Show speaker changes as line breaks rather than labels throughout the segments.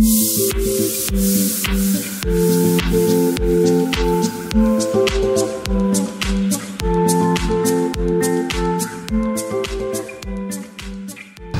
Thank you.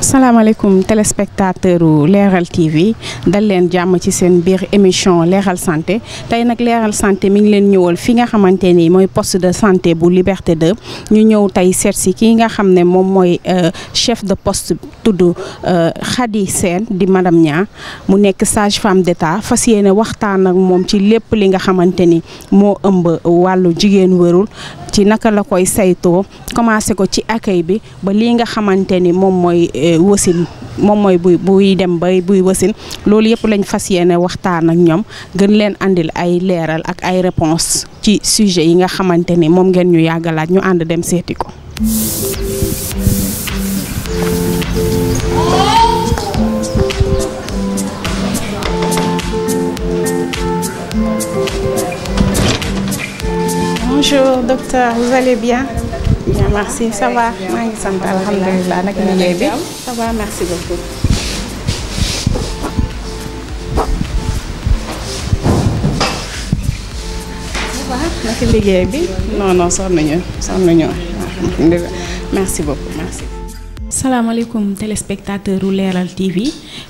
asalaamaaleykum téléspectateur Leral TV dal leen jàmm ci seen biir émission leeral santé tey nag leeral santé mi ngi leen ñëwal fi nga xamante ni mooy post de santé bu Liberté de ñu ñëw tey setsi si kii nga xam ne moom mooy euh, chef de post tudd euh, Khady seen di madame Nia mu nekk sage femme d'état fas yéene waxtaan ak moom ci lépp li nga xamante ni moo ëmb wàllu jigéen wérul ci naka la koy saytoo commencé ko ci accueil bi ba lii nga xamante ni moom mooy euh, wasin moom mooy buy buy dem ba buy wasin loolu yëpp lañ fas yéene waxtaan ak ñoom gën leen andil ay leeral ak ay réponse ci sujet yi nga xamante ni moom ngeen ñu yàggalaaj ñu ànd dem seeti ko Bonjour docteur, vous allez bien? Bien, merci. Ça ngi sant alhamdulilah nag liggéey bi.
Ça va, merci beaucoup.
naka liggéey bi non non sonn nañu sonn nañu merci beaucoup merci. salaamaaleykum téléspectateur u Leral TV.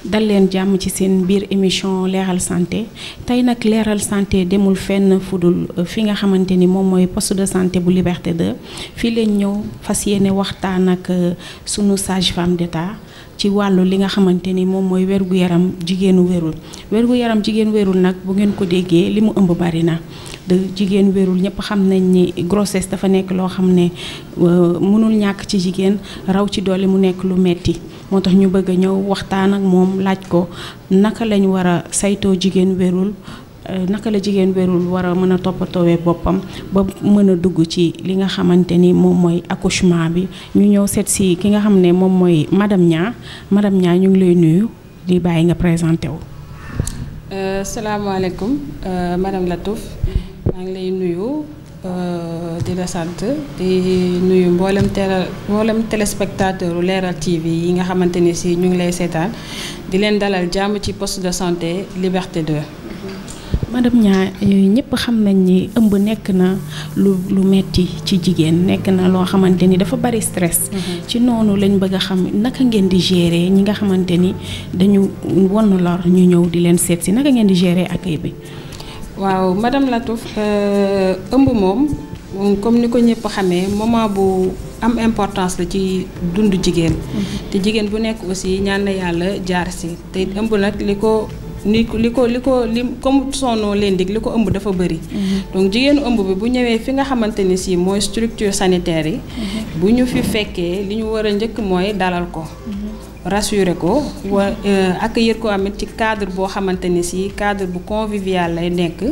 dal leen jàmm ci seen biir émission leeral santé tey nag leeral santé demul fenn fudul euh, fi nga xamante ni moom mooy poste de santé bu Liberté 2 fii leen ñëw fas yéene waxtaan ak euh, sunu sage-femme d'État ci wàllu li nga xamante ni moom mooy wergu yaram jigéenu wérul wergu yaram jigéen wérul nag bu ngeen ko déggee li mu ëmb bari na de jigéen wérul ñëpp xam nañ ni grossesse dafa nekk loo xam ne euh, mënul ñàkk ci jigéen raw ci doole mu nekk lu metti moo tax ñu bëgg a ñëw waxtaan ak moom laaj ko naka lañ war a saytoo jigéen wérul euh, naka la jigéen wérul war a mën a toppatoowee boppam ba mën a dugg ci li nga xamante ni moom mooy accouchement bi ñu ñëw seet si ki nga xam ne moom mooy madame ñaa madame ñaa ñu ngi lay nuyu di bàyyi nga présenté wu. Euh, salaamaaleykum euh, madame Latouf maa ngi lay nuyu. Euh, di la di nuyu mboolem télé mboolem téléspectateur leeral TV yi nga xamante ni si ñu ngi lay seetaan di leen dalal jàmm ci post de santé Liberté 2. madame Niang eh, ñëpp xam nañ ni ëmb nekk na lu lu metti ci jigéen nekk na loo xamante ni dafa bari stress. Mm-hmm. ci noonu lañ bëgg a xam naka ngeen di gérer ñi nga xamante ni dañu won lor ñu ñëw di leen seet si naka ngeen di gérer accueil bi. waaw madame Latouf euh, ëmb moom comme ni ko ñëpp xamee moment bu am importance la ci dund jigéen mhm. te jigéen bu nekk aussi ñaan na yàlla jaar si te ëmb nag li ko ni li ko li ko li comme sonno leen dig li ko ëmb dafa bëri mhm. donc jigéenu ëmb bi bu ñëwee fi nga xamante ni si mooy structure sanitaire yi mhm. bu ñu fi fekkee li ñu war a njëkk mooy dalal ko rassurer ko wa euh, accueillir ko amit ci cadre boo xamante ni si cadre bu convivial lay nekk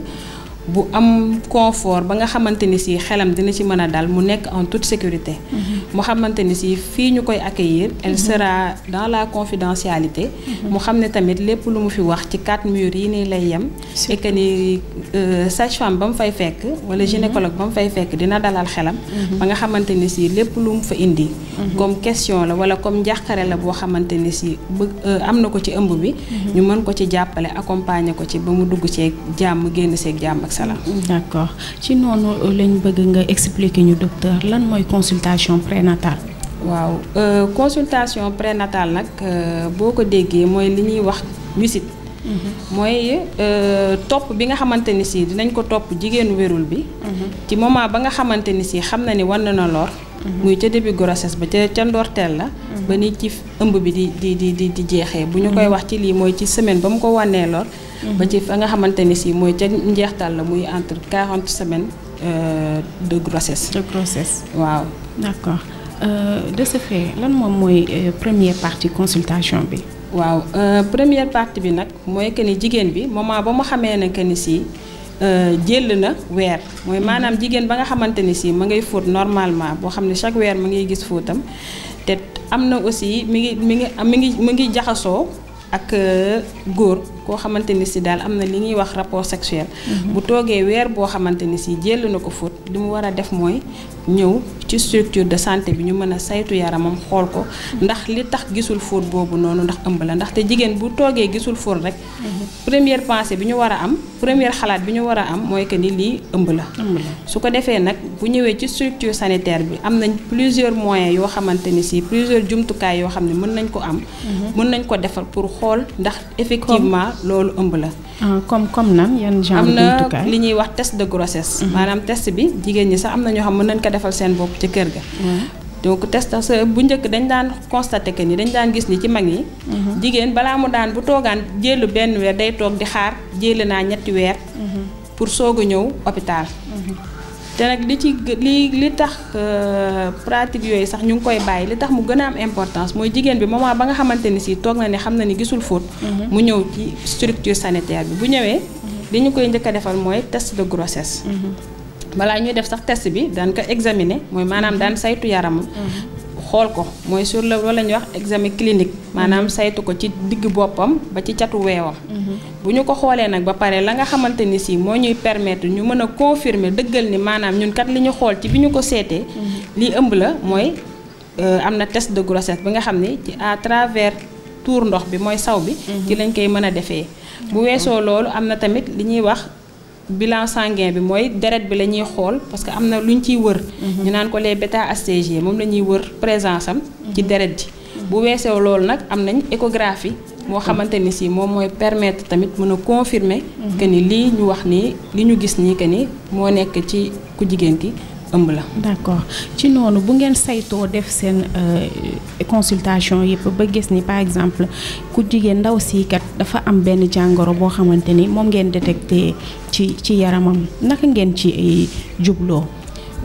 bu am confort ba nga xamante ni si xelam dina ci mën a dal mu nekk en toute sécurité. Mhm. mu xamante ni si fii ñu koy accueillir. elle mhm. sera dans la confidentialité. Mhm. mu xam ne tamit lépp lu mu fi wax ci quatre murs yi nii lay yem. et que ni euh, sage-femme ba mu fay fekk wala gynécologue ba mu fay fekk dina dalal xelam. ba nga xamante ni si lépp lu mu fa indi. comme question la wala comme njàqare la boo xamante ni si bëgg euh, am na ko ci ëmb bi. ñu mën ko ci jàppale accompagner ko ci ba mu dugg ceeg jàmm génn seeg jàmm salaam. d' ci noonu euh, lañ bëgg nga expliquer ñu docteur lan mooy consultation nataal waaw euh, consultation nataal nag euh, boo ko déggee mooy li ñuy wax musit mhm. mooy topp bi nga xamante ni si dinañ ko topp jigéenu wérul bi. Mhm. ci moment ba nga xamante ni si xam na ni wan na lor. Mhm. muy ca début grossesse ba ca ca ndoorteel la. ba ni ci ëmb bi di di di di jeexee. bu ñu koy wax ci lii mooy ci semaine ba mu ko wànnee lor. ba ci fa nga xamante ni si mooy ca njeextal la muy entre quarante semaines euh, de grossesse. de grossesse waaw. d'accord euh, de ce fait lan moom mooy euh, première partie consultation bi. waaw première partie bi nag mooy que ni jigéen bi moment ba mu xamee ne que ni si jël na weer mooy maanaam jigéen ba nga xamante ni si ma ngay fóot normalement boo xam ne chaque weer mu ngay gis fóotam te am na aussi mi ngi mi ngi mi ngi mi ngi jaxasoo ak góor. koo xamante ni si daal am na li ñuy wax rapport sexuel mm-hmm. bu toogee weer boo xamante ni si jël na ko fóot li mu war a def mooy ñëw ci structure de santé bi ñu mën a saytu yaramam xool ko ndax li tax gisul fóot boobu noonu ndax ëmb la ndaxte jigéen bu toogee gisul fóot rek première pensée bi ñu war a am première xalaat bi ñu war a am mooy que ni lii ëmb la su ko defee nag bu ñëwee ci structure sanitaire bi am nañ plusieurs moyens yoo xamante ni si plusieurs jumtukaay yoo xam ne mën nañ ko am mhm. mën nañ ko defar pour xool ndax effectivement loolu ëmb la ah, comme comme nan yan genre jumtukaay wax test de grossesse mhm. maanaam test bi jigéen ñi sax am na ñoo xam mën nañ ko defal seen bopp ci kër ga. donc test bu njëkk dañ daan constaté que ni dañ daan gis nii ci mag yi. Mhm. jigéen balaa mu daan bu toogaan jëlu benn weer day toog di xaar jëli naa ñetti weer. Mhm. pour soog a ñëw hôpital. Mhm. te nag li ci li li tax euh, pratique yooyu sax ñu ngi koy bàyyi li tax mu gën a am importance mooy jigéen bi moment ba nga xamante ni si toog na ni xam na ni gisul fóot. mu ñëw ci structure sanitaire bi bu ñëwee. li ñu koy njëkk defal mooy test de balaa ñuy def sax test bi daan ko examiner mooy maanaam daan saytu yaram xool ko mooy sur le loolu la ñuy wax examen clinique maanaam saytu ko ci digg boppam ba ci catu weewam. bu ñu ko xoolee nag ba pare la nga xamante ni si moo ñuy permettre ñu mën a confirmer dëggal ni maanaam ñun kat li ñu xool ci bi ñu ko seetee. Mhm. li ëmb la mooy euh, am na test de grossesse bi nga xam ne ci à travers tuur ndox bi mooy saw bi. Mhm. ci lañ koy mën a defee. bu weesoo loolu am na tamit li wax. bilan sanguin bi mooy deret bi la ñuy xool parce que am na lu ñu ciy wër. Mhm. ñu naan ko les bêta HCG moom la ñuy wër présence am. ci mhm. deret ji. Mhm. bu weesoo lool nag am nañ échographie moo xamante ni si moom mooy permettre tamit mun a confirmer que ni lii ñu wax ni li ñu gis nii que ni moo nekk ci ku jigéen ki. ëmb la. d'accord ci noonu bu ngeen saytoo def seen euh, consultation yëpp ba gis ni par exemple ku jigéen ndaw si kat dafa am benn jàngoro boo xamante ni moom ngeen détecté ci ci yaramam naka ngeen ci euh, jubloo.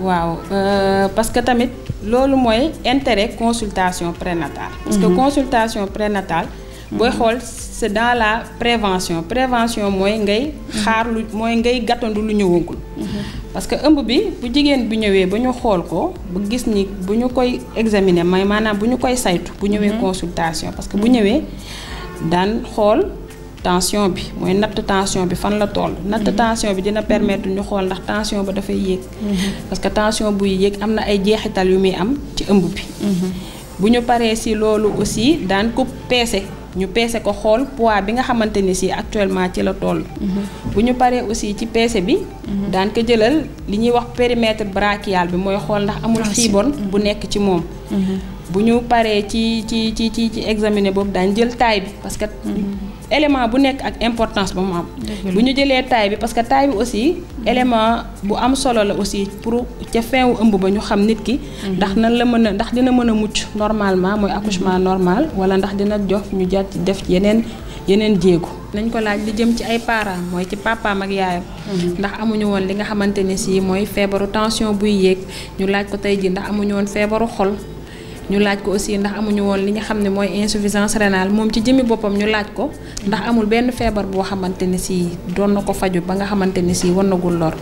waaw euh, parce que tamit loolu mooy intérêt consultation prénatale. parce que mhm. consultation prénatale. booy xool c' est dans la prévention prévention mooy ngay xaar lu mooy ngay gàttandu lu ñëwagul. parce que ëmb bi bu jigéen bu ñëwee ba ñu xool ko bu gis ni bu ñu koy examiner may maanaam bu ñu koy saytu. bu ñëwee mhm. consultation parce que bu ñëwee daan xool. tension bi mooy natt tension bi fan la toll. natt mhm. tension bi dina permettre ñu xool ndax tension ba dafay yéeg. Mhm. parce que tension buy yéeg am na ay jeexital yu muy am ci ëmb bi. bu ñu paree si loolu aussi daan ko peese ñu peese ko xool poids bi nga xamante ni si actuellement ci la toll. Mhm. bu ñu paree aussi ci peese bi. Mhm. daan ko jëlal li ñuy wax périmètre brachial bi mooy xool ndax amul xiibon mhm. bu nekk ci moom. bu ñu paree ci ci ci ci ci examiner boobu daan jël taille bi parce que. élément bu nekk ak importance bu mu am. bu ñu jëlee taay bi parce que taay bi aussi mm-hmm. élément bu am solo la aussi pour ca feewu ëmb ba ñu xam nit ki. Mm-hmm. ndax nan la mën a ndax dina mën a mucc normalement mooy accouchement mm-hmm. normal wala ndax dina jox ñu jàpp def yeneen yeneen jéego. nañ ko laaj li jëm ci ay parents mooy ci papaam ak yaayam. ndax amuñu woon li nga xamante ne si mooy feebaru tension buy yéeg ñu laaj ko tey ji ndax amuñu woon feebaru xol. ñu laaj ko aussi ndax amuñu woon li nga xam ne mooy insuffisance rénale moom ci jëmi boppam ñu laaj ko ndax amul benn feebar boo xamante ne si doon na ko faju ba nga xamante ne si wanagul lor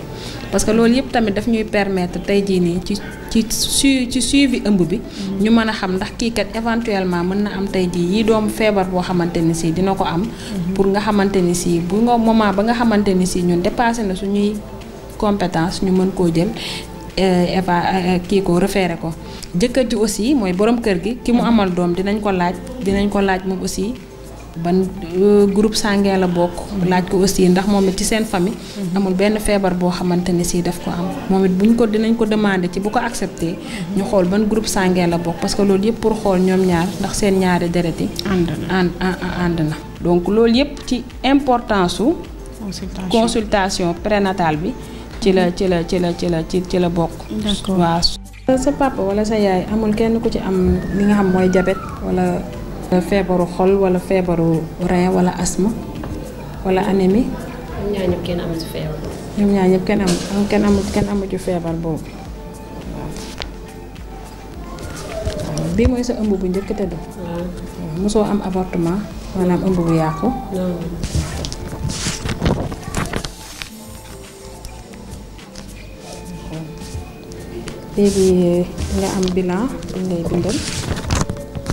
parce que loolu yëpp tamit daf ñuy tey jii nii ci ci su ci suivi ëmb bi. Mm-hmm. ñu mën a xam ndax kii kat mën na am tey jii yii doom feebar boo xamante ni si dina ko am. Mm-hmm. pour nga xamante ni si bu nga moment ba nga xamante ni si ñun dépassé na ñuy compétence ñu mën koo jël euh, éva euh, kii ko référé ko. jëkkër ji aussi mooy borom kër gi ki mu amal doom dinañ ko laaj dinañ ko laaj moom aussi ban euh, groupe sanguin la bokk. laaj ko aussi ndax moom it ci seen famille. Mhm. amul benn feebar boo xamante ne si daf ko am moom it buñ ko dinañ ko demandé ci bu ko accepté. Mhm. ñu xool ban groupe sanguin la bokk parce que loolu yëpp pour xool ñoom ñaar ndax seen ñaari deret yi. ànd na ànd na. donc loolu yëpp ci importance su. consultation consultation prénatale bi. ci la ci la ci la ci la ci la bokk. sa papa wala sa yaay amul kenn ku ci am li nga xam mooy jabet wala euh, feebaru xol wala feebaru rein wala asthme wala anémie.
ñoom ñaar ñëpp
kenn amu ci feebar. ñoom ñaar ñëpp kenn am kenn amu ci feebar boobu waaw. mooy sa ëmb bu njëkk te du. Ah. waaw mosoo am avortement maanaam ëmb bu yàqu. léegi nga am bilan dañ lay bindal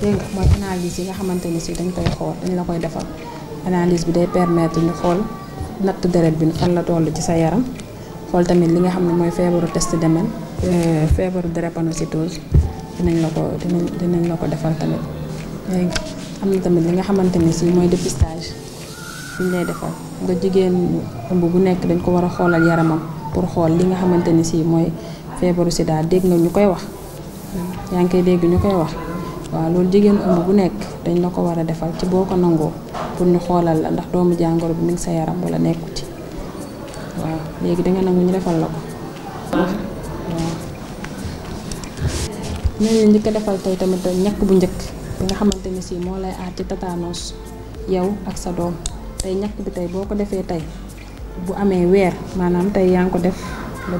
dégg mooy analyse yi nga xamante ni si dañ koy xool dañ la koy defal analyse bi day permettre ñu xool natt deret bi fan la toll ci sa yaram xool tamit li nga xam ne mooy feebaru test demen euh, feebaru drépanocytose dinañ la ko dinañ la ko defal tamit léegi am tamit li nga xamante ni si mooy dépistage fi ñu lay defal nga jigéen ëmb bu nekk dañ ko war a xoolal yaramam pour xool li nga xamante ni si mooy feebaru sida dégg nga ñu koy wax yaa ngi koy dégg ñu koy wax waaw loolu jigéen ëmb bu nekk dañ la ko war a defal ci boo ko nangoo pour ñu xoolal la ndax doomu jàngoro bi mi ngi sa yaram wala nekku ci waaw léegi danga nangu ñu defal la ko waaw ñooñu njëkk defal tey tamit ñakk bu njëkk bi nga xamante ni si moo lay aar ci tataanoos yow ak sa doom tey ñakk bi tey boo ko defee tey bu amee weer maanaam tey yaa ngi ko def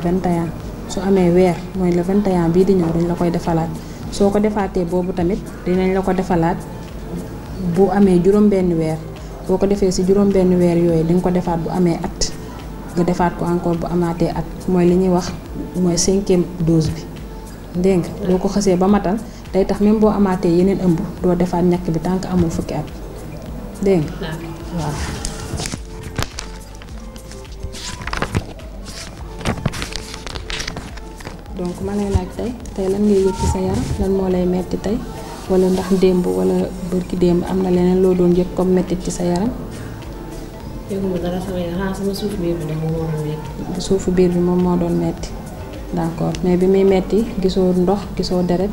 benn 21 su amee weer mooy le 21 bii di ñëw dañ la koy defalaat soo ko defaatee boobu tamit dinañ la ko defalaat bu amee juróom-benn weer boo ko defee si juróom-benn weer yooyu di nga ko defaat bu amee at nga defaat ko encore bu amaatee at mooy li ñuy wax mooy cinquième dose bi dégg nga boo ko xasee ba matal day tax même boo amaatee yeneen ëmb doo defaat ñàkk bi tant que amul fukki at dégg nga donc ma lay laaj tey tey lan ngay yëg ci sa yaram lan moo lay metti tey wala ndax démb wala bërki démb am na leneen loo doon yëg comme mettit ci sa yaram. yëguma sama yaram suufu biir bi moom moo doon metti. suufu biir d'accord mais bi muy metti gisoo ndox gisoo deret.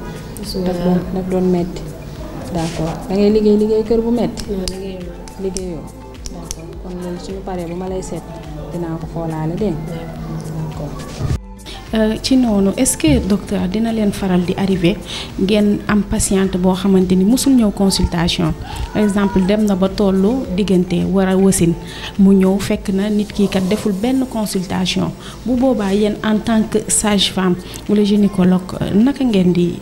daf doon daf doon metti. d'accord da ngay liggéey liggéey kër bu metti. liggéeyoo kon loolu suñu paree bu ma lay seet dinaa ko xoolaale dégg Euh, ci noonu est-ce que docteur dina leen faral di arrivé ngeen am patiente boo xamante ni mosul ñëw consultation par exemple dem na ba tollu diggante war a wasin mu ñëw fekk na nit kii kat deful benn consultation bu boobaa yéen en tant que sage-femme wala gynécologue naka ngeen di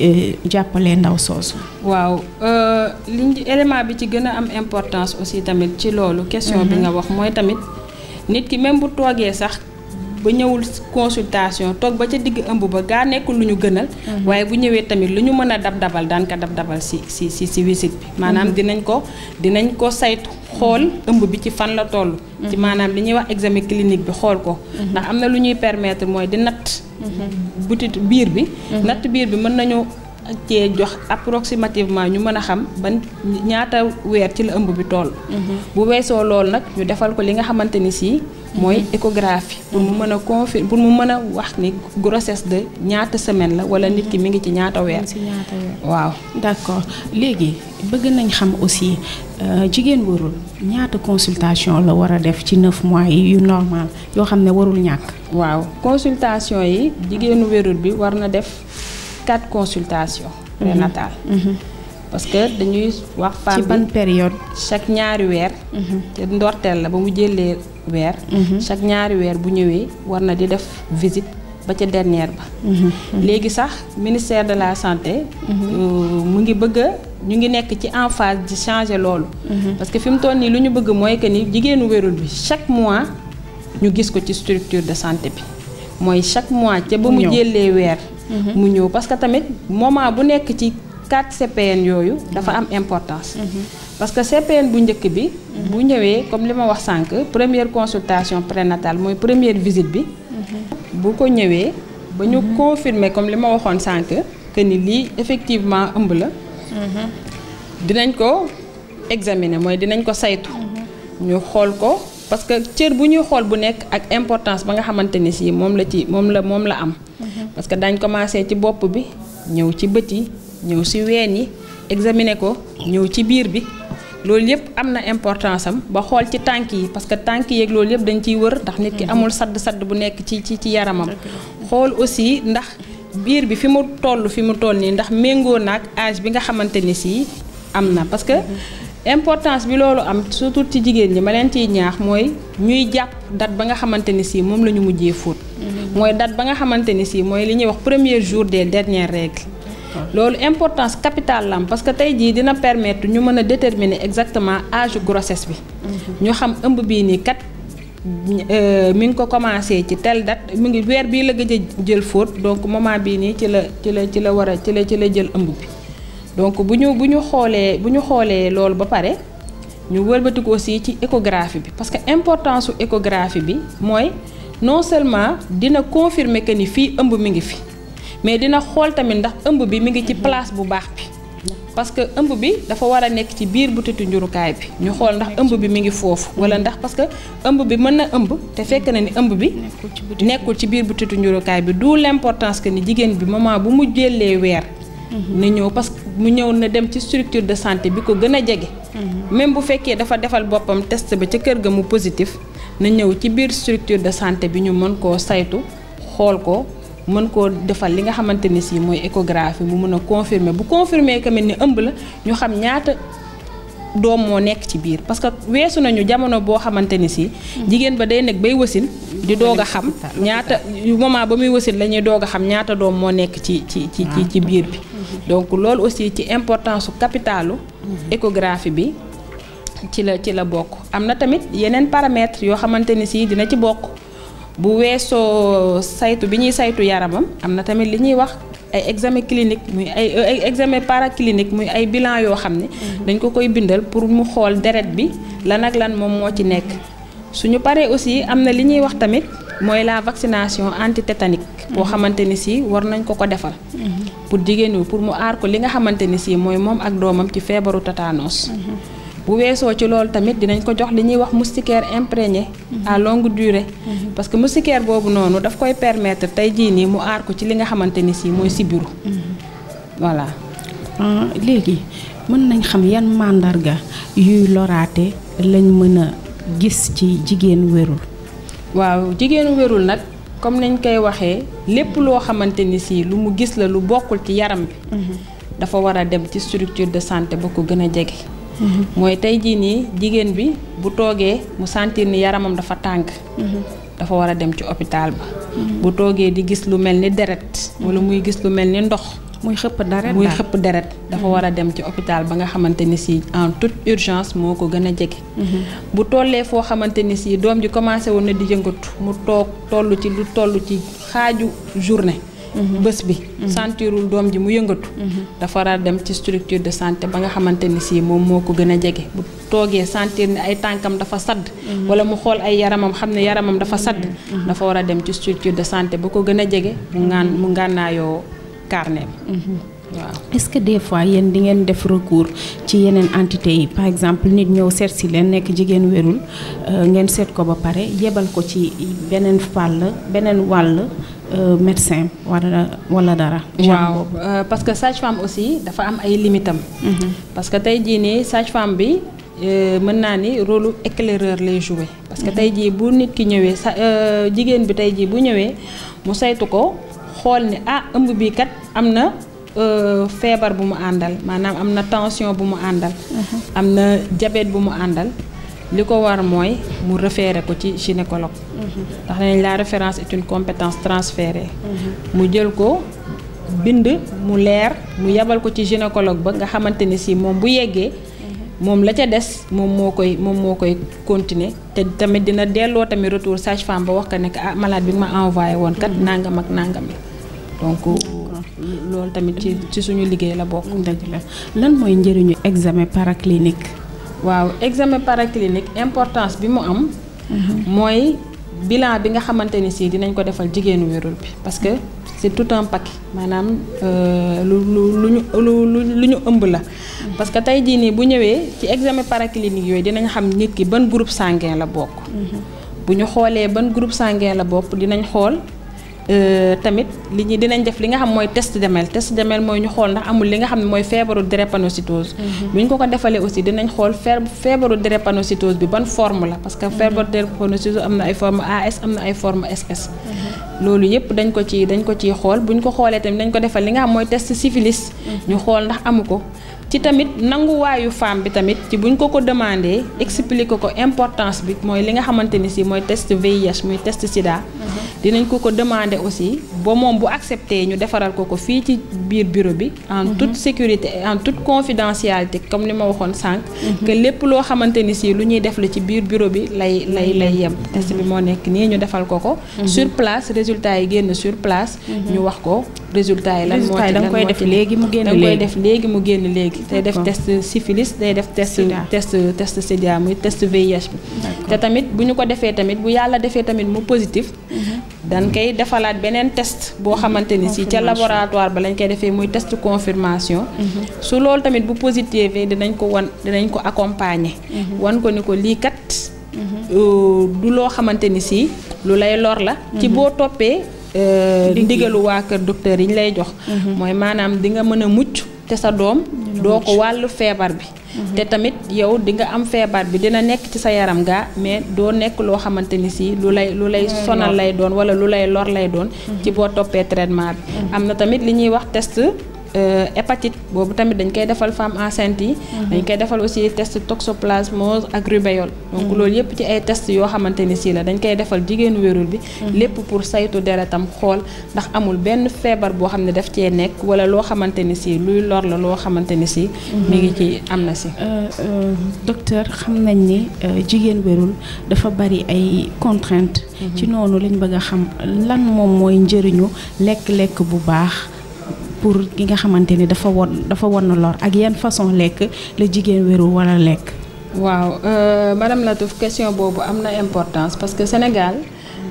euh, jàppale ndaw soosu. waaw euh, li élément bi ci gën a am importance aussi tamit ci loolu. question bi mhm. nga wax mooy tamit nit ki même bu toogee sax. ba ñëwul consultation toog ba ca digg ëmb ba gaa nekkul lu ñu gënal. Mhm. waaye bu ñëwee tamit lu ñu mën a dab dabal daan ko dab dabal si si si si bi. Mhm. maanaam dinañ ko dinañ ko saytu xool mhm. ëmb bi ci fan la toll. maanaam li ñuy wax examen clinique bi xool ko. ndax am na lu ñuy permettre mooy di natt. butit biir bi. natt biir bi mën nañu cee jox approximativement ñu mën a xam ban ñaata weer ci la ëmb bi toll. bu weesoo loolu nag ñu defal ko li nga xamante sii. mooy échographie pour mu mën a confirmer pour mu mën a wax ni grossesse de ñaata semaine la wala nit ki mi ngi ci ñaata weer. waaw d'accord léegi bëgg nañ xam aussi euh, jigéen warul ñaata consultation la war a def ci neuf mois yi yu normal yoo xam ne warul ñàkk. waaw consultation yi jigéenu wérul bi war na def quatre consultations mhm. prénatales. Mhm. parce que dañuy wax femme ci ban période chaque ñaari weer mhm. te ndorteel la ba mu jëlee weer mhm. chaque ñaari weer bu ñëwee war na di def visite ba ca dernière ba mhm. léegi sax ministère de la santé euh, mu ngi bëgg ñu ngi nekk ci en phase di changer loolu parce que fi mu toll nii lu ñu bëgg mooy que ni jigéenu wérul bi chaque mois ñu gis ko ci structure de santé bi mooy chaque mois ca ba mu jëlee weer mu ñëw parce tamit moment bu nekk ci quatre CPN yooyu dafa am importance mhm. parce que CPN bu njëkk bi mhm. bu ñëwee comme li ma wax sànq première consultation prénatale mooy première visite bi mhm. bu ko ñëwee ba ñu confirmer comme li ma waxoon sànq que ni lii effectivement ëmb la dinañ ko examiner mooy dinañ ko saytu ñu xool ko parce que cër bu ñuy xool bu nekk ak importance ba nga xamante ni si moom la ci moom la moom la am parce que dañ commencé ci bopp bi ñëw ci bët yi ñëw si ween yi examiner ko ñëw ci biir bi loolu yëpp am na importance am ba xool ci tànk yi parce que tànk yeeg loolu yëpp dañ ciy wër ndax nit ki amul sadd-sadd bu nekk ci ci ci yaramam xool aussi ndax biir bi fi mu toll fi mu toll nii ndax méngoo naag âge bi nga xamante ni si am na parce que importance bi loolu am surtout ci jigéen ñi ma leen ciy ñaax mooy ñuy jàpp date ba nga xamante ni si moom la ñu mujjee fóot mm-hmm. mooy date ba nga xamante ni si mooy li ñuy wax premier jour des dernières règles loolu importance capital lam am parce que tey jii dina permettre ñu mën a déterminer exactement âge grossesse bi.
Mhm.
ñu xam ëmb bii nii kat euh, mi ngi ko commencé ci tel date mi ngi weer bii la gëj a jël fóot donc moment bii nii ci la ci la ci la war a ci ci la jël ëmb bi. donc bu ñu bu ñu xoolee bu ñu xoolee loolu ba pare ñu wëlbatiku aussi ci échographie bi parce que importance su échographie bi mooy non seulement dina confirmer que ni fii ëmb mi ngi fi. mais dina xool tamit ndax ëmb bi mi ngi ci place bu baax bi parce que ëmb bi dafa war a nekk ci biir butitu njurukaay bi ñu xool ndax ëmb bi mi ngi foofu wala ndax parce que ëmb bi mën na ëmb te fekk na ni ëmb bi nekkul ci biir butitu njurukaay bi du l'importance que ni jigéen bi moment bu mu jéllee weer
mm-hmm.
na ñëw parce que mu ñëw na dem ci structure de santé bi ko gën a jege
mm-hmm.
même bu fekkee dafa defal boppam test ba ca kër ga mu positif na ñëw ci biir structure de santé bi ñu mën koo saytu xool ko mën koo defal li nga xamante ni si mooy échographie bu mën a confirmer bu confirmer tamit ni ëmb la ñu xam ñaata doom moo nekk ci biir parce que weesu nañu jamono boo xamante ni si. jigéen ba day nekk bay wasin. di doog a xam ñaata moment ba muy wasin la doog a xam ñaata doom moo nekk ci ci ci ci biir bi. donc loolu aussi ci importance su capitalu. échographie bi. ci la ci la bokk am na tamit yeneen paramètres yoo xamante ni si dina ci bokk. bu weesoo saytu bi ñuy saytu yaramam am na tamit li ñuy wax ay examen clinique muy ay examen paraclinique muy ay bilan yoo xam ne mhm. dañ ko koy bindal pour mu xool deret bi lan ak lan moom moo ci nekk suñu paree aussi am na li ñuy wax tamit mooy la vaccination antitétanique mhm. boo xamante ni si war nañ ko ko defal mhm. pour jigéen pour mu aar ko li nga xamante ni si mooy moom ak doomam ci feebaru tétanos bu weesoo ci loolu tamit dinañ ko jox li ñuy wax moustiquaire imprégné à longue durée mhm. parce que moustiquaire boobu noonu daf koy permettre tey jii nii mu aar ko ci li nga xamante ni si mooy sibiru mhm. voilà ah, léegi mën nañ xam yan màndarga yuy loraate lañ mën a gis ci jigéen wérul waaw jigéenu wérul nag comme nañ koy waxee lépp loo xamante ni si lu mu gis la lu bokkul ci yaram bi mhm. dafa war a dem ci structure de santé ba ko gën a jege Mm-hmm. mooy tey jii nii jigéen bi bu toogee mu sentir ni yaramam dafa tàng. Mm-hmm. dafa war a dem ci hôpital ba. Mm-hmm. bu toogee di gis lu mel ni deret. wala muy gis lu mel ni ndox. muy xëpp deret muy xëpp deret dafa war a dem ci hôpital ba nga xamante ni si en toute urgence moo ko gën a jege. bu tollee foo xamante ni si doom ji commencé woon na di yëngatu mu toog tollu ci lu toll ci xaaju journée. Mm-hmm. bés bi mm-hmm. sentirul doom ji mu yëngatu mm-hmm. dafa war a dem ci structure de santé ba nga xamante ni si moom moo ko gën a jege bu toogee sentir ni ay tànkam dafa sadd wala mu xool ay yaramam xam ne yaramam dafa sadd dafa war a dem ci structure de santé ba ko gën a jege mu mu ngànnaayoo carnet waaw est-ce que des fois yéen di ngeen def recours ci yeneen entité yi par exemple nit ñëw seet si leen nekk jigéen wérul euh, ngeen seet ko ba pare yebal ko ci beneen fàll beneen wàll euh, médecin wala wala dara. waaw euh, parce que sage aussi dafa am ay limitam mhm. parce que tey jii nii sage-femme bi mën naa ni rôle éclaireur lay jouer. parce que tey mhm. jii bu nit ki ñëwee sa jigéen bi tey jii bu ñëwee mu saytu ko xool ni ah ëmb bii kat am na. Euh, feebar bu mu àndal maanaam am na tension bu mu àndal. Uh-huh. am na jabet bu mu àndal. li ko war mooy mu référé ko ci gynécologue. Uh-huh. ndax nañ la référence est une compétence transférée. Uh-huh. mu jël ko bind mu leer mu yebal ko ci gynécologue ba nga xamante ni si moom bu yeggee. moom la ca des moom moo koy moom moo koy continuer te tamit dina delloo tamit retour sage-femme ba wax ko nekk ah malade bi ma envoyé woon kat nangam ak nangam la loolu tamit ci ci suñu liggéey la bokk. dëgg la lan mooy njëriñu examen paraclinique. waaw examen paraclinique importance bi mu am. Mhm. mooy bilan bi nga xamante ni si dinañ ko defal jigéenu wérul bi parce que c'est tout un paquet maanaam euh, lu lu lu ñu lu lu ñu ëmb la. parce que tey jii nii bu ñëwee ci examen paraclinique yooyu dinañ xam nit ki ban groupe sanguin la bokk. Mhm. bu ñu xoolee ban groupe sanguin la bokk dinañ xool. Euh, tamit li ñuy dinañ def li nga xam mooy test demel test demel mooy ñu xool ndax amul li nga xam ne mooy feebaru drépanocytose mhm. bu ñu ko ko defalee aussi dinañ xool feebaru drépanocytose bi ban forme la parce que mhm. feebaru drépanocytose am na ay forme AS am na ay forme SS mhm. loolu yëpp dañ ko ci dañ ko ciy xool bu ñu ko xoolee tamit dañ ko defal li nga xam mooy test syphilis ñu xool ndax amu ko ci tamit nanguwaayu femme bi tamit ci buñ ko ko demandé expliqué ko importance bi mooy li nga xamante ni si mooy test VIH muy test sida dinañ ko ko demander aussi ba moom bu accepté ñu defaral ko ko fii ci biir bureau bi en mhm. toute sécurité en toute confidentialité comme ni ma waxoon sànq mhm. que lépp loo xamante ni si lu ñuy def la ci biir bureau bi lay lay lay yem mhm. test bi moo nekk nii ñu defal ko ko sur place résultat yi génn sur place ñu wax ko résultat yi lan moo ci lan moo ci léegi mu génn léegi da koy def léegi mu génn léegi day def test syphilis day def test test test muy test VIH bi te tamit bu ñu ko defee yàlla defee tamit mu positif dañ koy defalaat beneen test boo mhm. xamante ni si ca laboratoire ba lañ koy defee muy test confirmation mhm. su loolu tamit bu positive dinañ ko wan dinañ ko accompagner mhm. wan ko ni ko lii kat euh, du loo xamante ni si lu lay lor la ci boo toppee euh, ndigalu waa kër docteur yi ñu lay jox mooy maanaam di mën a mucc te sa doom doo ko wàllu feebar bi mhm. te tamit yow di nga am feebar bi dina nekk ci sa yaram ga mais doo nekk loo xamante ni si lu lay lu lay sonal lay doon wala lu lay lor lay doon mhm. ci boo toppee traitement bi mhm. am na tamit li ñuy wax test Euh, hépatite boobu tamit dañ koy defal femme enceinte yi. Mhm. dañ koy defal aussi test toxoplasmose ak rubéole. donc mhm. loolu yëpp ci ay test yoo xamante ni si la dañ koy defal jigéenu wérul bi. Mhm. lépp pour saytu deretam xool ndax amul benn feebar boo xam ne daf cee nekk wala loo xamante ni si luy lor la loo xamante ni si. mi ngi ci am na si. Euh, euh, docteur xam nañ ni jigéen wérul dafa bari ay contraintes. ci noonu lañ bëgg a xam lan moom mooy njëriñu lekk-lekk bu baax. pour ki nga xamante ni dafa won dafa won lor ak yan façon lekk la jigéen wéru wala lekk. waaw euh, madame Latouf question boobu am na importance parce que Sénégal.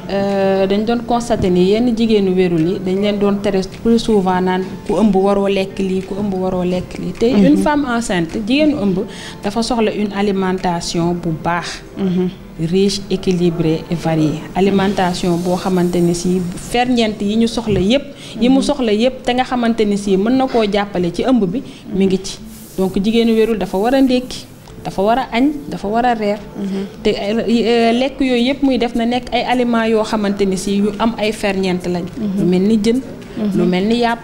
Euh, dañ doon constaté nii yenn jigéenu wérul yi dañ leen doon tere pour souvent naan ku ëmb waroo lekk lii ku ëmb waroo lekk lii. te mhm. une femme en enceinte jigéenu ëmb dafa soxla une alimentation bu baax. Mhm. riche équilibrée et variée alimentation boo xamante ni si ferñeent yi ñu soxla yépp yi mu mhm. soxla yépp te nga xamante ni si mën na koo jàppale ci ëmb bi mi ngi ci donc jigéenu wérul dafa war a ndékki dafa war a añ dafa war a reer. Mhm. te euh, lekk yooyu yëpp muy def na nekk ay aliments yoo xamante ni si yu am ay ferñeent lañ. Mhm. lu mel ni jën. Mhm. lu mel ni yàpp.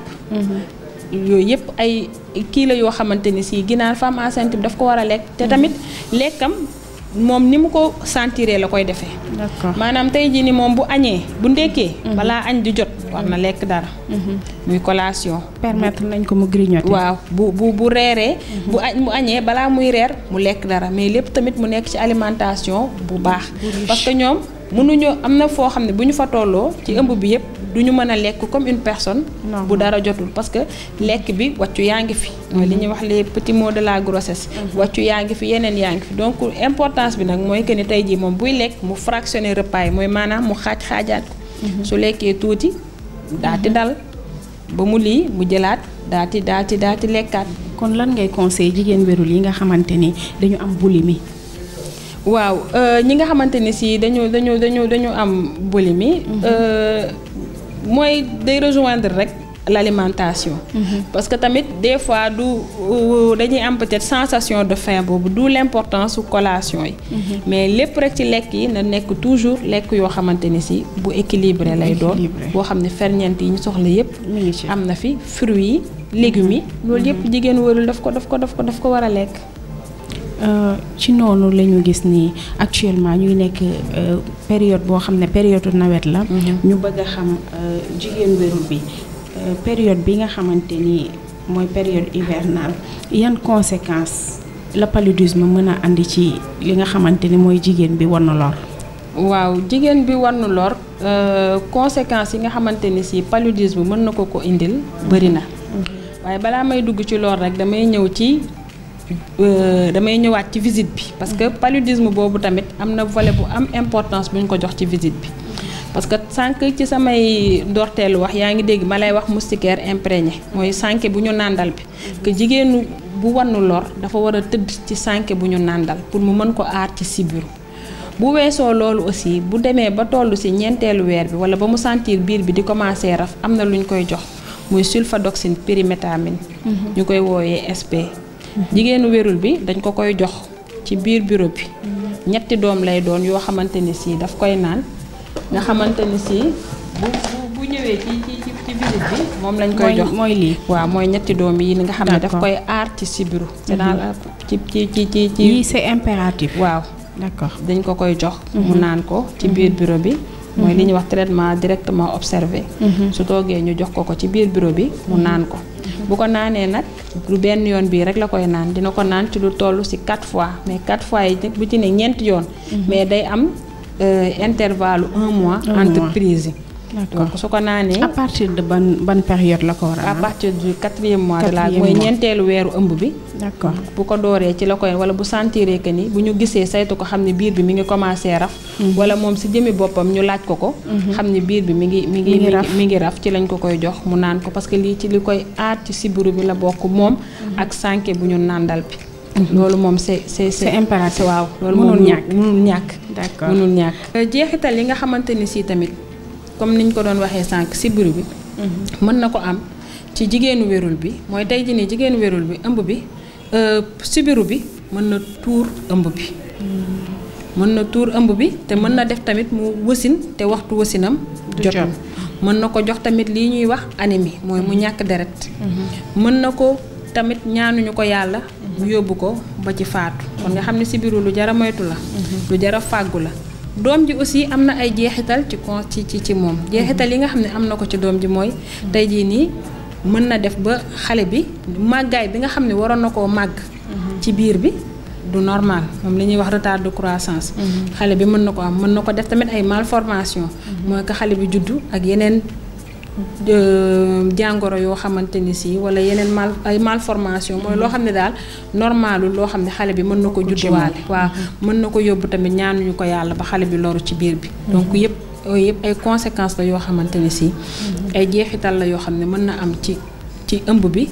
yooyu yëpp ay kii la yoo xamante ni si ginaar femme enceinte bi daf ko war a lekk. te tamit lekkam. moom ni mu ko sentiree la koy defee. maanaam tey jii ni moom bu añee bu ndekkee. Mhm. balaa añ di jot war na lekk dara. Mhm. muy collation. permettre nañ ko mu grignoter. waaw bu bu bu reeree. Mhm. bu añ mu añee balaa muy reer mu lekk dara mais lépp tamit mu nekk ci alimentation bu baax. parce que ñoom mënuñu am na foo xam ne bu ñu fa tolloo ci ëmb bi yépp du ñu mën a lekk comme une personne bu dara jotul parce que lekk bi wàccu yaa ngi fi mooy li ñuy wax les petits de la grossesse mhm. wàccu yaa ngi fi yeneen yaa ngi fi donc importance bi nag mooy que ni tey jii moom buy lekk mu fractionner repas mooy maanaam mu xaaj xaajaat mhm. su lekkee tuuti daati mhm. dal ba mu lii mu jëlaat daati daati daati lekkaat kon lan ngay conseil jigéen wérul yi nga xamante ni dañu am boulimie waaw euh, ñi nga xamante ni si dañu dañu dañu dañu am euh, mooy day rejoindre rek l'alimentation mm-hmm. parce que tamit des fois du euh, dañuy am peut-être sensation de fin boobu du l'importance su collation yi
mm-hmm. mais
lépp rek ci lekk yi na nekk toujours lekk yoo xamante ni si bu équilibré lay doon boo xam ne ferñeent yi ñu soxla yépp am na fi fruits yi légumes yi mm-hmm. loolu yépp jigéen warul daf ko daf ko daf ko daf ko war a lekk Euh, ci noonu la ñu gis ni actuellement ñuy nekk euh, période boo xam ne période nawet la. Mhm. ñu bëgg xam euh, jigéen wérul bi période bi nga xamante ni mooy période hivernale yan conséquences la paludisme mën a andi ci li nga xamante ni mooy jigéen bi wann lor. waaw jigéen bi wann lor conséquences yi nga xamante ni si paludisme mën na ko ko indil bëri na. Mhm. waaye balaa may dugg ci lor rek damay ñëw ci. Euh, damay ñëwaat ci visite bi parce que paludisme boobu tamit am na vole bu am importance bu ñu ko jox ci visite bi parce que sànq ci samay ndorteelu wax yaa ngi dégg ma lay wax moustiquaire imprégné mooy sànke bu ñu nàndal bi que jigéenu bu wannu lor dafa war a tëdd ci sànke bu ñu nàndal pour mu mën ko aar ci sibiru bu weesoo loolu aussi bu demee ba toll si ñeenteelu weer bi wala ba mu sentir biir bi di commencer raf am na lu ñu koy jox muy sulfadoxine pyrimétamine mm-hmm. ñu koy wooyee SP jigéenu wérul bi dañ ko koy jox ci biir bureau bi ñetti doom lay doon yoo xamante ni si daf koy naan nga xamante ni si bu bu ñëwee ci ci ci visite bi moom lañ koy jox mooy lii waaw mooy ñetti doom yi nga xam ne koy aar ci sibiru te daal ci ci ci ci ci lii c'est waaw d'accord dañ ko koy jox mu mhm. naan ko ci biir mhm. bureau bi mooy li mhm. ñuy wax traitement directement observé su toogee ñu jox ko ko ci biir bureau bi mu naan ko bu ko naanee nag du benn yoon bii rek la koy naan dina ko naan ci lu toll si quatre fois mais quatre fois yi bu ci ne ñeenti yoon mhm. mais day am euh, intervalle un mois entreprise yi donc su ko naanee. à partir de ban ban période la ko war a à ah? partir du quatrième mois de mooy ñeenteelu weeru ëmb bi. d'accord bu ko dooree ci la koy wala bu sentiree que ni bu ñu gisee saytu ko xam ne biir bi mi ngi commencé raf. Mhm. wala moom si jëmi boppam ñu laaj ko ko. Mhm. xam ne biir bi mi ngi mi ngi mi raf ci lañ ko koy jox mu naan ko parce que lii ci li koy aar ci sibiru bi la bokk moom. Mhm. ak sànke bu ñu nàndal bi. loolu moom se c'est c'est impératif waaw loolu moom mënul ñàkk mënul ñàkk. d'accord mënul euh, jeexital yi nga xamante ni si tamit. comme niñ ko doon waxee sànq si biir bi
mhm.
mën na ko am ci jigéenu wérul bi mooy tey jii nii jigéenu wérul bi ëmb bi sibiru euh, bi mën na tuur ëmb bi mhm. mën na tuur ëmb bi te mën na def tamit mu wasin te waxtu wasinam jot mën na ko jox tamit lii ñuy wax anémie mooy mu mhm. ñàkk deret mën na ko tamit ñaanuñu ko yàlla mu yóbbu ko ba ci faatu kon nga xam ne sibiru lu jara moytu la lu jara fàggu la doom ji aussi am na ay jeexital ci con ci ci ci moom mhm. jeexital yi nga xam ne am na ko ci doom ji mooy mhm. tey jii nii mën na def ba xale bi màggaay bi nga xam ne waroon na koo màgg mhm. ci biir bi du normal moom li ñuy wax retard de croissance xale bi mën na ko am mën na ko def tamit ay malformation mooy que xale bi juddu ak yeneen jàngoro yoo xamante ni si wala yeneen mal ay malformation mooy loo xam ne daal normalul loo xam ne xale bi mën na ko judduwaale waa mm-hmm. mën na ko yóbbu tamit ñaanuñu ko yàlla ba xale bi loru ci biir bi mm-hmm. donc yëpp yëpp ay conséquences la yoo xamante ni si
mm-hmm.
ay jeexital la yoo xam ne mën na am ci ci ëmb bi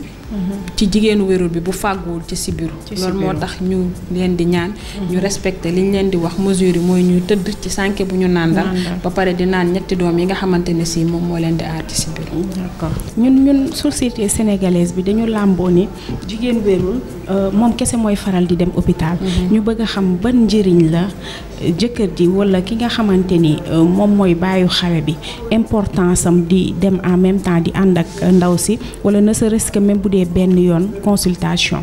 ci jigéenu wérul bi bu fàgguwul ci sibiru loolu moo tax ñu leen di ñaan mhm. ñu respecté liñ leen di wax mesure yi mooy ñu tëdd ci sànke bu ñu nàndal ba pare di naan ñetti doom yi nga xamante ne si moom moo leen di aar ci sibiru d'accord ñun ñun société sénégalaise bi dañu làmboo ni jigéen wérul euh, moom kese mooy faral di dem hôpital mhm. ñu bëgg a xam ban njëriñ la jëkkër ji wala ki nga xamante ni euh, moom mooy bàyyi xale bi importance sam di dem en même temps di ànd ak ndaw si wala ne serait-ce que même defee benn yoon consultation.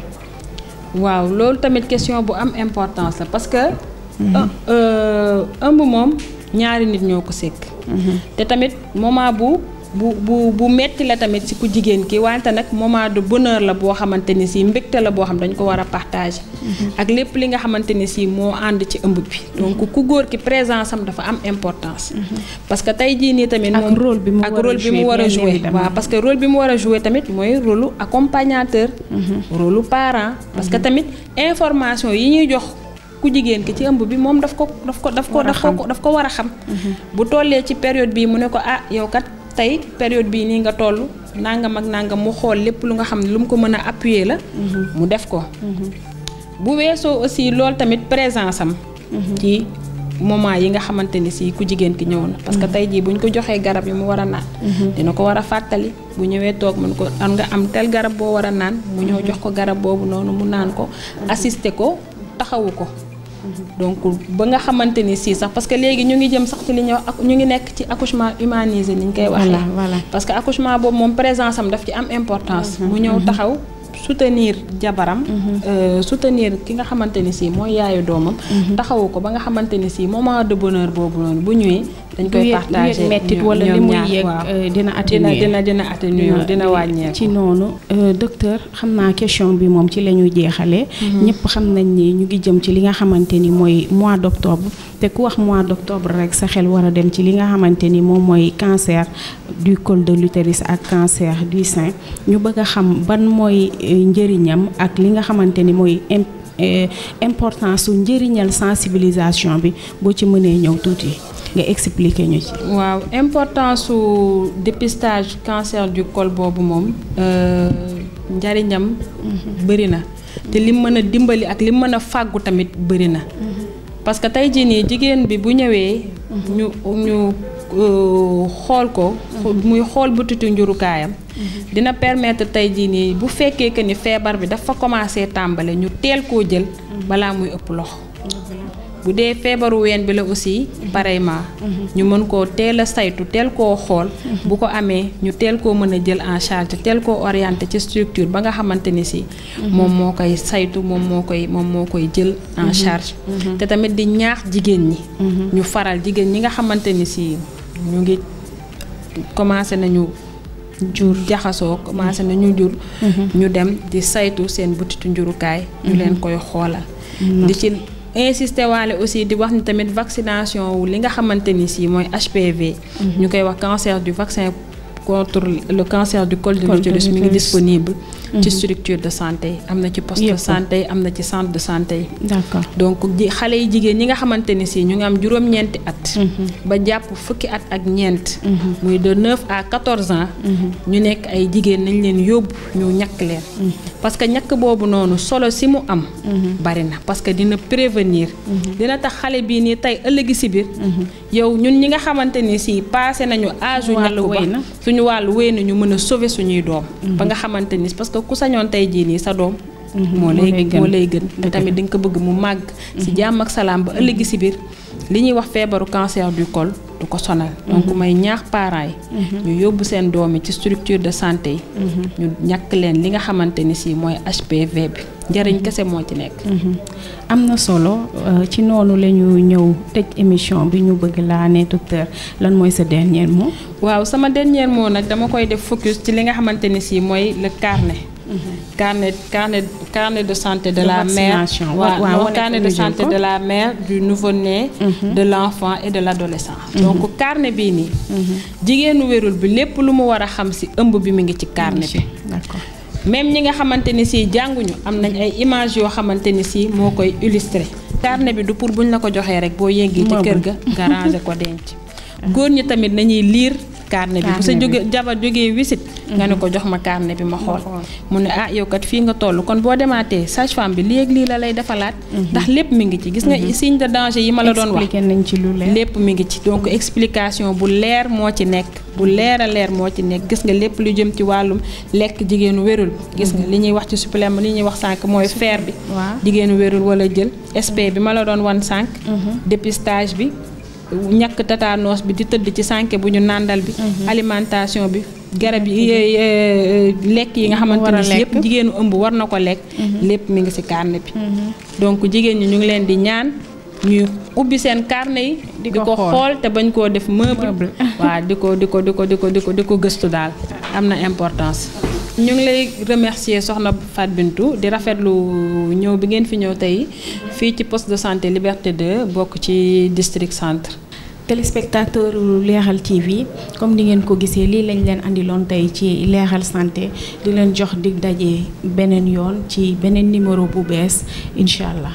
waaw loolu tamit question bu am importance la parce que. Mhm. Euh, euh, ëmb moom ñaari nit ñoo ko sekk. Mhm. te tamit moment bu. bu bu bu metti la tamit ci ku jigéen ki wante nag moment de bonheur la boo xamante ni si mbégte la boo xam dañ ko war a partage
mm-hmm.
ak lépp li nga xamante ni si moo ànd ci ëmb bi. Mm-hmm. donc ku góor ki présence am dafa am importance. Mm-hmm. parce que tey jii nii tamit. ak rôle bi mu ak rôle bi mu war a joué waaw parce que rôle bi mu war a joué tamit mooy rôle accompagnateur. rôle parent. parce que tamit information yi ñuy jox. ku jigéen ki ci ëmb bi moom daf ko daf ko daf ko daf ko daf ko war a xam bu tollee ci période bii mu ne ko ah yow kat tey période bii nii nga toll nangam ak nangam mu xool lépp lu nga xam ne lu mu ko mën a appuyer la. mu def ko. bu weesoo aussi loolu tamit présence am. ci moment yi nga xamante ni si ku jigéen ki ñëw na. parce que tey jii bu ñu ko joxee garab yi mu war a naan. dina ko war a fàttali bu ñëwee toog mën ko am nga am tel garab boo war a naan. mu ñëw jox ko garab boobu noonu mu naan ko. assister ko taxawu ko. donc ba nga xamante ni si sax parce que léegi ñu ngi jëm sax ci li ñuy wax ñu ngi nekk ci accouchement humanisé ni ñu koy waxee parce que accouchement boobu moom présence am daf ci am importance mm-hmm. mu ñëw mm-hmm. taxaw soutenir jabaram mm-hmm. euh, soutenir ki nga xamante ni si mooy yaayu doomam taxawu ko ba nga xamante ni si moment de bonheur boobu noonu bu ñëwee dañ koy partagé mettit wala li muy euh, yéeg dina atténuer dina dina atténuer dina wàññeeku ci noonu euh, docteur xam naa question bi moom ci la ñuy jeexalee mm-hmm. ñëpp xam nañ ni ñu ngi jëm ci li nga xamante ni mooy mois d' octobre te ku wax mois d' octobre rek sa xel war a dem ci li nga xamante ni moom mooy cancer du col de l'utérus ak cancer du sein ñu bëgg a xam ban mooy euh, njëriñam ak li nga xamante ni mooy importance su njëriñal sensibilisation bi boo ci mënee ñëw tuuti nga expliquer ñu ci. waaw importance su dépistage cancer ju col boobu moom euh, njariñam mhm. bëri na te lim mën a dimbali ak lim mën a fàggu tamit bëri na mhm. parce que tey jii nii jigéen bi bu ñëwee. Mhm. ñu ñu euh, xool ko. muy xool butitu njurukaayam. dina permettre tey jii nii bu fekkee que ni feebar bi dafa commencé tàmbale ñu teel koo jël. balaa muy ëpp loxo. bu dee feebaru ween bi la aussi pareillement ñu mën koo teel a saytu teel koo xool bu ko amee ñu teel koo mën a jël en charge teel ko orienté ci structure ba nga xamante ni si moom moo koy saytu moom moo koy moom moo koy jël en charge te tamit di ñaax jigéen ñi ñu faral jigéen ñi nga xamante ni si ñu ngi commencé nañu jur jaxasoo commencé nañu jur mhm. ñu dem di saytu seen butitu njurukaay ñu mhm. leen koy xoolal
mhm.
insisté waale aussi di wax ni tamit vaccination wu li nga xamante ni si mooy HPV. Mhm. ñu koy wax cancer du vaccin contre le cancer du col de l'utérus mi ngi disponible. ci mhm. structure de santé yi am na ci poste de santé yi am na ci centre de santé yi. donc ji xale yi jigéen ñi nga xamante ni si ñu ngi am juróom-ñeenti at. Mhm. ba jàpp fukki at ak ñeent. Mhm. muy de 9 à 14 ans. ñu nekk ay jigéen nañ leen yóbbu ñu ñakk leen. parce que ñàkk boobu noonu solo si mu am. bari na parce que dina prévenir. dina tax xale bii nii tey ëllëgi si biir. yow ñun ñi nga xamante ni si passé nañu âge. wàllu na suñu wàllu wéy na ñu mën a suñuy doom. ba nga xamante que ku sañoon tey jii nii sa doom. Mm-hmm. moo lay moo lay gën te tamit di nga ko bëgg mu màgg. si mm-hmm. jàmm ak salaam ba ëllëgi si biir li ñuy wax feebaru cancer du col. du ko sonal. donc mhm. may ñaax parent yi. Mhm. ñu yóbbu seen doom yi ci structure de santé yi. Mhm. ñu ñàkk leen li nga xamante ni si mooy HPV bi njëriñ kese moo ci nekk. am na solo euh, ci noonu la ñëw tëj émission bi ñu bëgg laa ne docteur lan mooy sa dernier mot. waaw sama dernier moo nag dama koy def focus ci li nga xamante ni si mooy le carnet. carnet carnet carnet de santé de la mère waaw carnet de santé de la mère du nouveau-né mhm. de l'enfant et de l'adolescent mhm. donc carnet bii nii mhm. jigéenu wérul bi lépp lu mu war a xam ci ëmb bi mu ngi ci carnet bi même ñi nga xamante ni si jànguñu am nañ ay images yoo xamante ni si moo koy illustré carnet bi du pour buñ la ko joxee rek boo yeggee ci kër ga ko denc góor ñi tamit nañuy lire carnet bi bu sa jóge jabar jógee wisit nga ne ko jox ma carnet bi ma mm-hmm. xool mu ne ah yow kat fii nga toll kon boo demaatee sage femme bi léegi lii la lay defalaat mm-hmm. ndax lépp mi ngi ci gis nga mm-hmm. signe de danger yi ma la doon wax lépp mi ngi ci donc explication bu leer moo ci nekk bu leer a leer moo ci nekk gis nga lépp lu jëm ci wàllum lekk jigéenu wérul gis nga li ñuy wax ci supplément li ñuy wax sànq mooy fer bi jigéenu wérul wala jël SP bi ma la doon wan sànq dépistage bi ñàkk tétanos bi di tëdd ci sànke bu ñu nàndal bi mhm. alimentation bi garab yi eh, eh, eh, lekk yi nga xamante ne yëpp jigéenu ëmb war na ko lekk mhm. lépp mu ngi si carnet bi mhm. donc jigéen ñi ñu ngi leen di ñaan ñuy ubbi seen karne yi di ko xool te bañ koo def meuble waa di ko di ko di ko di ko di ko di ko gëstu daal am na importance ñoo ngi lay remercier soxna Fat Bintou di rafetlu ñëw bi ngeen fi ñëw tey fii ci poste de santé Liberté de bokk ci district centre. téléspectateur Leral TV comme ni ngeen ko gisee lii lañ leen indiloon tey ci Leral santé di leen jox dig daje beneen yoon ci beneen numéro bu bees incha allah.